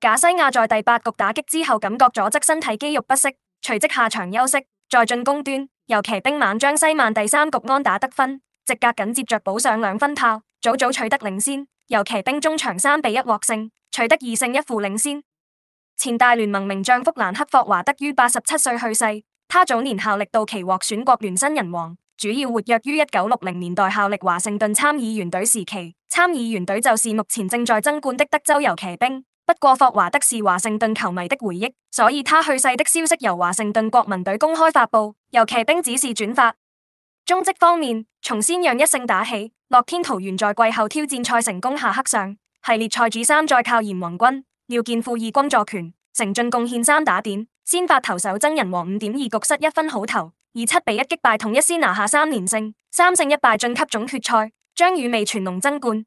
賈西亞在第八局打擊之後感覺左側身體肌肉不適，隨即下場休息。在進攻端，遊騎兵猛將西曼第三局安打得分，席格緊接着補上兩分炮，早早取得領先。遊騎兵中場三比一獲勝，取得二勝一負領先。前大聯盟名將福蘭克霍華德於八十七歲去世，他早年效力道奇獲選國聯新人王，主要活躍於一九六零年代效力華盛頓參議員隊時期，參議員隊就是目前正在爭冠的德州遊騎兵。不過霍華德是華盛頓球迷的回憶，所以他去世的消息由華盛頓國民隊公開發佈，遊騎兵指示轉發。中職方面，從先讓一勝打起，樂天桃猿在季後挑戰賽成功下克上，系列賽主三再靠閻王軍廖健富二軍助拳成進貢獻三打點，先發投手曾仁和五點二局失一分好投，以七比一擊敗統一獅拿下三連勝，三勝一敗晉級總決賽，將與味全龍爭冠。